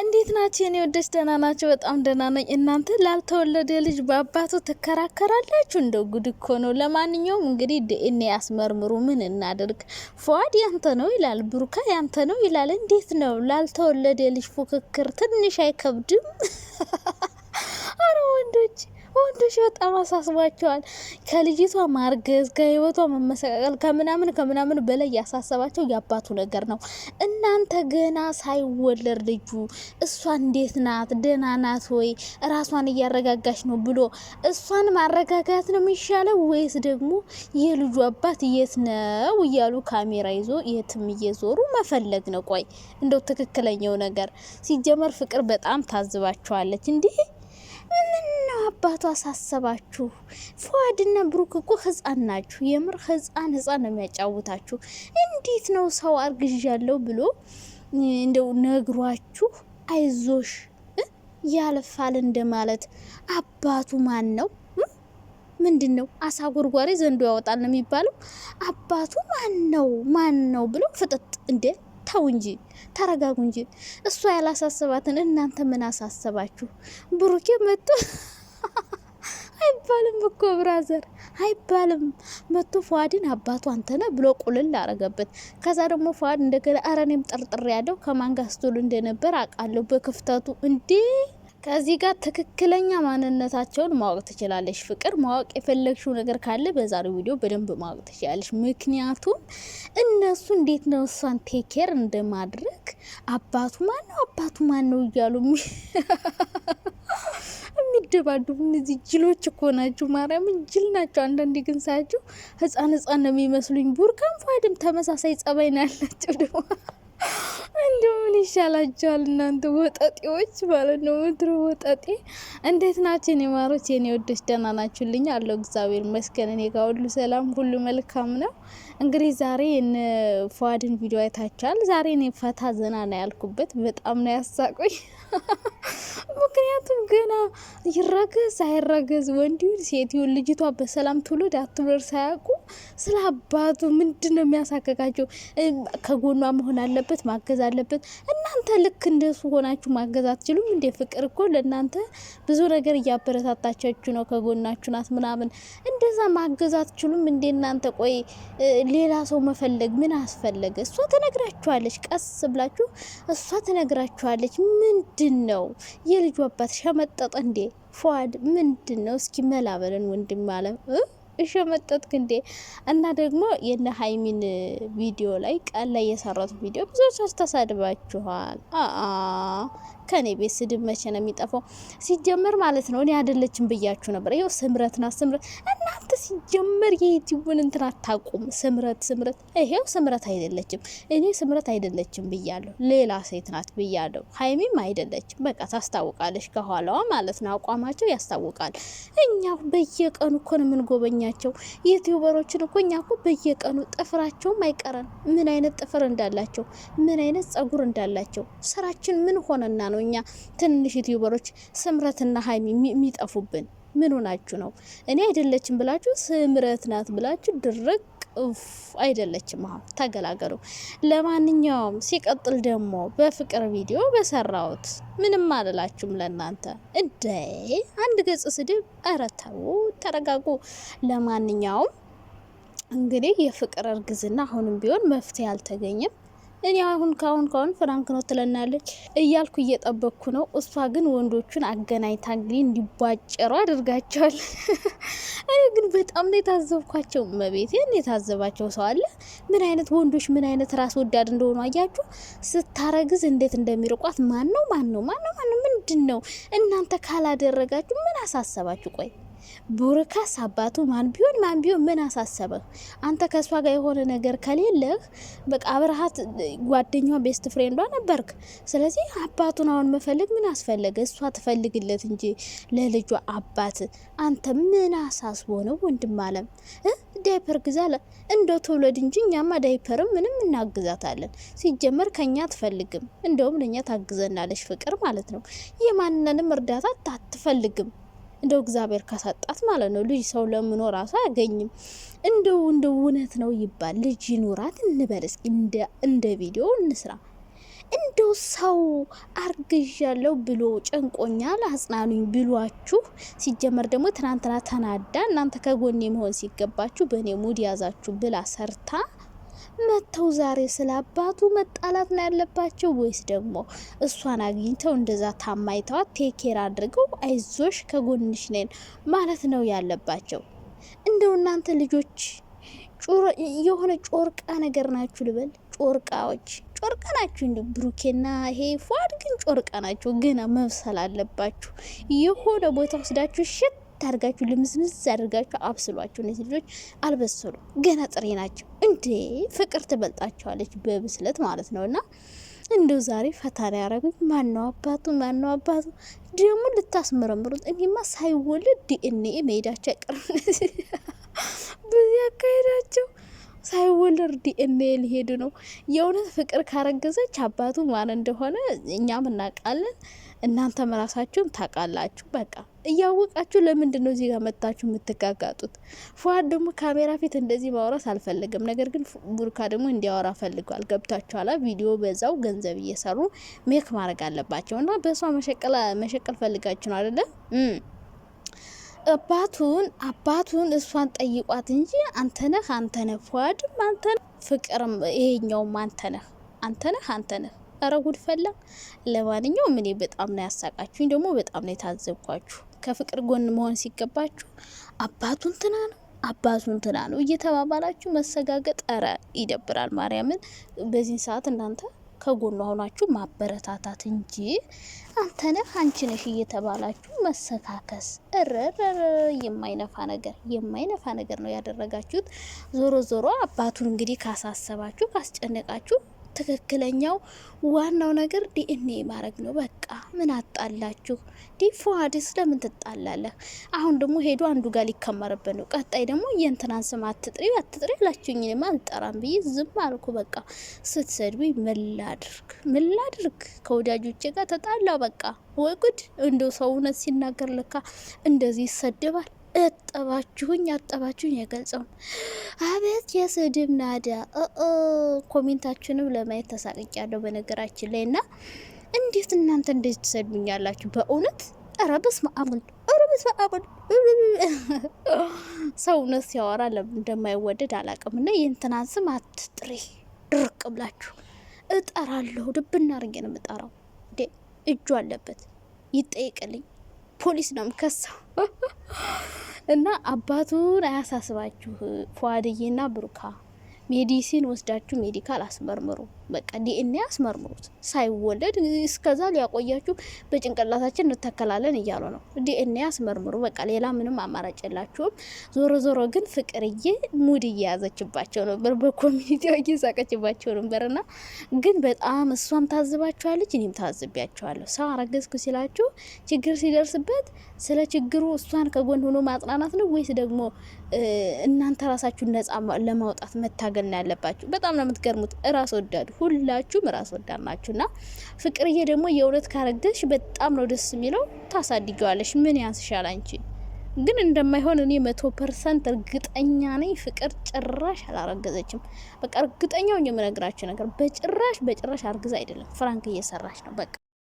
እንዴት ናቸው የኔ ወደች? ደህና ናቸው። በጣም ደህና ነኝ። እናንተ ላልተወለደ ልጅ በአባቱ ትከራከራላችሁ? እንደ ጉድ እኮ ነው። ለማንኛውም እንግዲህ ዲኤንኤ ያስመርምሩ። ምን እናደርግ ፏድ ያንተ ነው ይላል፣ ብሩካ ያንተ ነው ይላል። እንዴት ነው ላልተወለደ ልጅ ፉክክር? ትንሽ አይከብድም? አረ ወንዶች ወንዶች በጣም አሳስቧቸዋል። ከልጅቷ ማርገዝ፣ ከህይወቷ መመሰቃቀል፣ ከምናምን ከምናምን በላይ ያሳሰባቸው ያባቱ ነገር ነው። እናንተ ገና ሳይወለድ ልጁ እሷ እንዴት ናት ደህና ናት ወይ እራሷን እያረጋጋች ነው ብሎ እሷን ማረጋጋት ነው የሚሻለው ወይስ ደግሞ የልጁ አባት የት ነው እያሉ ካሜራ ይዞ የትም እየዞሩ መፈለግ ነው? ቆይ እንደው ትክክለኛው ነገር ሲጀመር ፍቅር በጣም ታዝባቸዋለች እንዲህ ምነው አባቱ አሳሰባችሁ? ፏድና ብሩክ እኮ ህፃን ናችሁ። የምር ህፃን ህፃን ነው የሚያጫውታችሁ። እንዴት ነው ሰው አርግዣለሁ ብሎ እንደው ነግሯችሁ አይዞሽ ያልፋል እንደማለት። አባቱ ማን ነው? ምንድን ነው አሳ ጎርጓሪ ዘንዶ ያወጣል ነው የሚባለው። አባቱ ማን ነው ማን ነው ብሎ ፍጥጥ እንዴ ተው እንጂ ተረጋጉ እንጂ። እሷ ያላሳሰባትን እናንተ ምን አሳሰባችሁ? ብሩኬ መጥቶ አይባልም እኮ ብራዘር አይባልም። መቶ ፏድን አባቱ አንተነ ብሎ ቁልል አረገበት። ከዛ ደግሞ ፏድ እንደገና አረኔም ጠርጥሬ ያለው ከማንጋስቶሉ እንደነበር አውቃለሁ በክፍተቱ እንዴ ከዚህ ጋር ትክክለኛ ማንነታቸውን ማወቅ ትችላለች። ፍቅር ማወቅ የፈለግሽው ነገር ካለ በዛሬው ቪዲዮ በደንብ ማወቅ ትችላለች። ምክንያቱም እነሱ እንዴት ነው እሷን ቴኬር እንደማድረግ አባቱ ማን ነው አባቱ ማን ነው እያሉ የሚደባደቡ እነዚህ ጅሎች እኮ ናቸው። ማርያምን ጅል ናቸው። አንዳንዴ ግን ሳያቸው ህፃን ህፃን ነው የሚመስሉኝ። ቡርካን ፏድም ተመሳሳይ ጸባይ ነው ያላቸው ደግሞ እንደው ምን ይሻላችኋል እናንተ ወጠጤዎች ማለት ነው። ምድሮ ወጠጤ እንዴት ናቸው? እኔ ማሮች፣ የኔ ወደች? ደህና ናችሁልኝ? አለው እግዚአብሔር ይመስገን፣ እኔ ጋር ሁሉ ሰላም፣ ሁሉ መልካም ነው። እንግዲህ ዛሬ ፏድን ቪዲዮ አይታችኋል። ዛሬ እኔ ፈታ ዘና ነው ያልኩበት፣ በጣም ነው ያሳቆኝ። ምክንያቱም ገና ይረገዝ አይረገዝ ወንድ ይሁን ሴት ይሁን ልጅቷ በሰላም ትውልድ አትውልድ ሳያውቁ ስለ አባቱ ምንድን ነው የሚያሳቀቃቸው? ከጎኗ መሆን አለበት ማገዝ አለበት። እናንተ ልክ እንደሱ ሆናችሁ ማገዝ አትችሉም እንደ ፍቅር እኮ ለእናንተ ብዙ ነገር እያበረታታቻችሁ ነው፣ ከጎናችሁ ናት ምናምን። እንደዛ ማገዝ አትችሉም እንዴ እናንተ? ቆይ ሌላ ሰው መፈለግ ምን አስፈለገ? እሷ ትነግራችኋለች፣ ቀስ ብላችሁ እሷ ትነግራችኋለች። ምንድን ነው የልጁ አባት ሸመጠጠ እንዴ? ፏድ ምንድን ነው? እስኪ መላበልን ወንድም አለ እሸመጠጥክ እንዴ? እና ደግሞ የነ ሀይሚን ቪዲዮ ላይ ቀን ላይ የሰራት ቪዲዮ ብዙዎች ተሳድባችኋል። ከኔ ቤት ስድብ መቼ ነው የሚጠፋው? ሲጀመር ማለት ነው እኔ አይደለችም ብያችሁ ነበር። ይኸው ስምረትና ስምረት ሲጀመር የዩቲዩብን እንትን አታቁም። ስምረት ስምረት ይሄው ስምረት አይደለችም። እኔ ስምረት አይደለችም ብያለሁ፣ ሌላ ሴት ናት ብያለሁ። ሀይሚም አይደለችም። በቃ ታስታውቃለች፣ ከኋላዋ ማለት ነው። አቋማቸው ያስታውቃል። እኛ በየቀኑ እኮ ነው የምንጎበኛቸው ዩቲዩበሮችን እኮ እኛ እኮ በየቀኑ ጥፍራቸውም አይቀረን፣ ምን አይነት ጥፍር እንዳላቸው፣ ምን አይነት ጸጉር እንዳላቸው። ስራችን ምን ሆነና ነው እኛ ትንሽ ዩቲዩበሮች ስምረትና ሀይሚ የሚጠፉብን? ምን ሆናችሁ ነው? እኔ አይደለችም ብላችሁ ስምረት ናት ብላችሁ ድርቅ ኡፍ አይደለችም። አሁን ተገላገሉ። ለማንኛውም ሲቀጥል ደግሞ በፍቅር ቪዲዮ በሰራሁት ምንም አልላችሁም ለእናንተ እንደ አንድ ገጽ ስድብ። ኧረ ተው ተረጋጉ። ለማንኛውም እንግዲህ የፍቅር እርግዝና አሁንም ቢሆን መፍትሄ አልተገኘም። እኔ አሁን ካሁን ካሁን ፍራንክ ነው ትለናለች እያልኩ እየጠበቅኩ ነው። እሷ ግን ወንዶቹን አገናኝታ እንግዲህ እንዲቧጨሩ አድርጋቸዋል። እኔ ግን በጣም ነው የታዘብኳቸው። መቤት ን የታዘባቸው ሰው አለ? ምን አይነት ወንዶች ምን አይነት ራስ ወዳድ እንደሆኑ አያችሁ። ስታረግዝ እንዴት እንደሚርቋት ማን ነው ማን ነው ማን ነው ማን ነው ምንድን ነው እናንተ ካላደረጋችሁ ምን አሳሰባችሁ? ቆይ ቡርካስ አባቱ ማን ቢሆን ማን ቢሆን ምን አሳሰበህ አንተ? ከእሷ ጋር የሆነ ነገር ከሌለህ በቃ አብረሃት ጓደኛ ቤስት ፍሬንዷ ነበርክ። ስለዚህ አባቱን አሁን መፈለግ ምን አስፈለገ? እሷ ትፈልግለት እንጂ ለልጇ አባት አንተ ምን አሳስቦ ነው? ወንድም አለም ዳይፐር ግዛለ እንደው ትውለድ እንጂ እኛማ ዳይፐርም ምንም እናግዛታለን። ሲጀመር ከኛ አትፈልግም፣ እንደውም ለእኛ ታግዘናለች። ፍቅር ማለት ነው። የማንንም እርዳታ አትፈልግም። እንደው እግዚአብሔር ካሳጣት ማለት ነው። ልጅ ሰው ለምኖ ራሱ አያገኝም። እንደው እንደው እውነት ነው ይባል ልጅ ይኑራት እንበል እስኪ፣ እንደ ቪዲዮ እንስራ። እንደው ሰው አርግዣለሁ ብሎ ጨንቆኛል አጽናኑኝ ብሏችሁ፣ ሲጀመር ደግሞ ትናንትና ተናዳ እናንተ ከጎኔ መሆን ሲገባችሁ በእኔ ሙድ ያዛችሁ ብላ ሰርታ መጥተው ዛሬ ስለ አባቱ መጣላት ነው ያለባቸው ወይስ ደግሞ እሷን አግኝተው እንደዛ ታማይተዋት ቴኬር አድርገው አይዞሽ ከጎንሽ ነን ማለት ነው ያለባቸው? እንደው እናንተ ልጆች የሆነ ጮርቃ ነገር ናችሁ ልበል። ጮርቃዎች ጮርቃ ናችሁ። እንዲ ብሩኬና ይሄ ፏድ ግን ጮርቃ ናቸው። ገና መብሰል አለባችሁ። የሆነ ቦታ ወስዳችሁ ሽት አድርጋችሁ ልምዝምዝ አድርጋችሁ አብስሏቸው። እነዚህ ልጆች አልበሰሉ ገና ጥሬ ናቸው። እንዴ ፍቅር ትበልጣቸዋለች በብስለት ማለት ነው እና እንደው ዛሬ ፈታሪ ያረጉኝ ማነው አባቱ ማነው አባቱ ደግሞ ልታስመረምሩት። እኔማ ሳይወለድ ዲኤንኤ መሄዳቸው አይቀርም በዚህ አካሄዳቸው ሳይወለድ ዲኤንኤ ሊሄዱ ነው። የእውነት ፍቅር ካረገዘች አባቱ ማን እንደሆነ እኛም እናውቃለን። እናንተም ራሳችሁም ታውቃላችሁ። በቃ እያወቃችሁ ለምንድን ነው እዚህ ጋር መታችሁ የምትጋጋጡት? ፏዋድ ደግሞ ካሜራ ፊት እንደዚህ ማውራት አልፈለግም። ነገር ግን ቡርካ ደግሞ እንዲያወራ ፈልጓል። ገብታችኋላ። ቪዲዮ በዛው ገንዘብ እየሰሩ ሜክ ማድረግ አለባቸው እና በእሷ መሸቀል ፈልጋችሁ ነው አይደለም? አባቱን አባቱን እሷን ጠይቋት እንጂ አንተነህ አንተነህ ፉአድም አንተነህ ፍቅርም ይሄኛውም አንተነህ አንተነህ አንተነህ እረ ጉድ ፈላ። ለማንኛውም እኔ በጣም ነው ያሳቃችሁኝ፣ ደግሞ በጣም ነው የታዘብኳችሁ። ከፍቅር ጎን መሆን ሲገባችሁ አባቱን ትና ነው አባቱን ትና ነው እየተባባላችሁ መሰጋገጥ፣ እረ ይደብራል። ማርያምን በዚህ ሰዓት እናንተ ከጎኑ ሆናችሁ ማበረታታት እንጂ አንተ አንቺ ነሽ እየተባላችሁ መሰካከስ እረረረ የማይነፋ ነገር የማይነፋ ነገር ነው ያደረጋችሁት። ዞሮ ዞሮ አባቱን እንግዲህ ካሳሰባችሁ ካስጨነቃችሁ ትክክለኛው ዋናው ነገር ዲኤንኤ ማድረግ ነው። በቃ ምን አጣላችሁ? ዲ ፉአድስ ለምን ትጣላለህ? አሁን ደግሞ ሄዶ አንዱ ጋር ሊከመርብን ነው። ቀጣይ ደግሞ የእንትናን ስም አትጥሪ አትጥሪ ላችሁኝ። እኔማ አልጠራም ብዬ ዝም አልኩ። በቃ ስትሰድቡኝ ምን ላድርግ? ምን ላድርግ? ከወዳጆቼ ጋር ተጣላው። በቃ ወይ ጉድ! እንደው ሰው እውነት ሲናገር ለካ እንደዚህ ይሰደባል። እጠባችሁኝ አጠባችሁኝ የገልጸው አቤት የስድብ ናዳ። ኮሜንታችንም ለማየት ተሳቅቅ ያለው በነገራችን ላይ እና እንዴት እናንተ እንዴት ትሰድቡኛላችሁ? በእውነት ኧረ በስመ አብ ወልድ ኧረ በስመ አብ ወልድ። ሲያወራ ለምን እንደማይወደድ አላቅም። እና የእንትናን ስም አትጥሪ ድርቅ ብላችሁ እጠራለሁ። ድብና ርጌ ነው የምጠራው። እጁ አለበት ይጠይቅልኝ። ፖሊስ ነው የምከሰው። እና አባቱን አያሳስባችሁ ፏድዬና ብሩካ ሜዲሲን ወስዳችሁ ሜዲካል አስመርምሩ። በቃ ዲኤንኤ አስመርምሩት። ሳይወለድ እስከዛ ሊያቆያችሁ በጭንቅላታችን እንተከላለን እያሉ ነው። ዲኤንኤ አስመርምሩ። በቃ ሌላ ምንም አማራጭ የላችሁም። ዞሮ ዞሮ ግን ፍቅርዬ ሙድ እየያዘችባቸው ነበር፣ በኮሚኒቲ እየሳቀችባቸው ነበር። ና ግን በጣም እሷም ታዝባችኋለች፣ እኔም ታዝቢያቸዋለሁ። ሰው አረገዝኩ ሲላችሁ ችግር ሲደርስበት ስለ ችግሩ እሷን ከጎን ሆኖ ማጽናናት ነው ወይስ ደግሞ እናንተ ራሳችሁ ነጻ ለማውጣት መታገል ነው ያለባችሁ። በጣም ነው የምትገርሙት። እራስ ወዳድ ሁላችሁም እራስ ወዳድ ናችሁ። ና ፍቅርዬ ደግሞ የእውነት ካረገዝሽ በጣም ነው ደስ የሚለው። ታሳድገዋለሽ። ምን ያንስሻል አንቺ ግን እንደማይሆን እኔ መቶ ፐርሰንት እርግጠኛ ነኝ። ፍቅር ጭራሽ አላረገዘችም። በቃ እርግጠኛው የምነግራችሁ ነገር በጭራሽ በጭራሽ አርግዛ አይደለም፣ ፍራንክ እየሰራች ነው በቃ